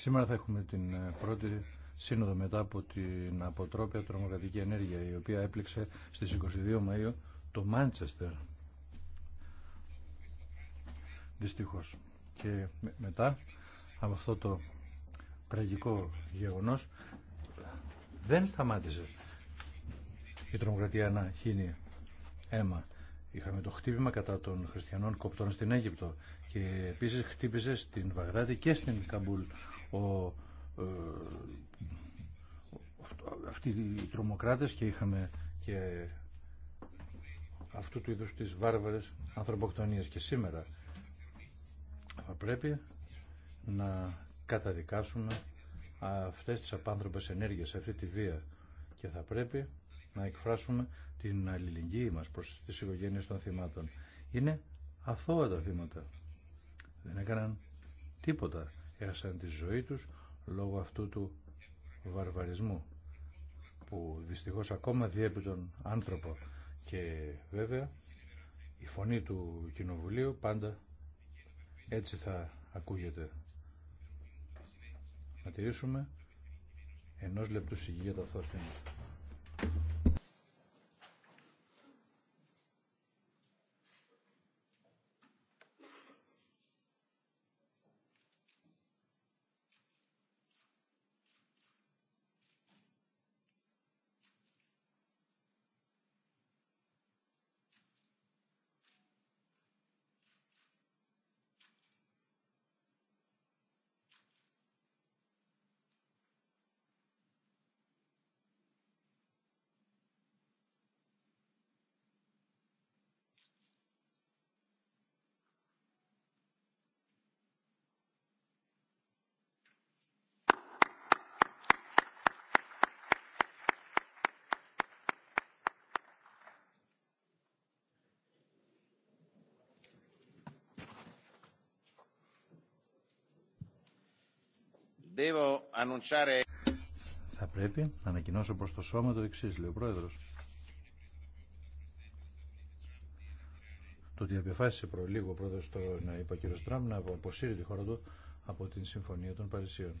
Σήμερα θα έχουμε την ε, πρώτη σύνοδο μετά από την αποτρόπια τρομοκρατική ενέργεια η οποία έπληξε στις 22 Μαΐου το Μάντσεστερ. Δυστυχώς. Και μετά από αυτό το τραγικό γεγονός δεν σταμάτησε η τρομοκρατία να χύνει αίμα. Είχαμε το χτύπημα κατά των χριστιανών κοπτών στην Αίγυπτο και επίσης χτύπησε στην Βαγδάτη και στην Καμπούλ. Ο, ε, αυτοί οι τρομοκράτες και είχαμε και αυτού του είδους τις βάρβαρες ανθρωποκτονίες και σήμερα θα πρέπει να καταδικάσουμε αυτές τις απάνθρωπες ενέργειες, αυτή τη βία και θα πρέπει να εκφράσουμε την αλληλεγγύη μας προς τις οικογένειες των θυμάτων. Είναι αθώα τα θύματα. Δεν έκαναν τίποτα. Έχασαν τη ζωή τους λόγω αυτού του βαρβαρισμού που δυστυχώς ακόμα διέπει τον άνθρωπο και βέβαια η φωνή του Κοινοβουλίου πάντα έτσι θα ακούγεται. Να τηρήσουμε ενός λεπτού συγγύη για τα θύματα. Θα πρέπει να ανακοινώσω προς το σώμα το εξής, λέει ο Πρόεδρος. Το ότι προ προλίγο ο Πρόεδρος το να είπε ο κ. Τραμπ να αποσύρει τη χώρα του από την Συμφωνία των Παρισίων.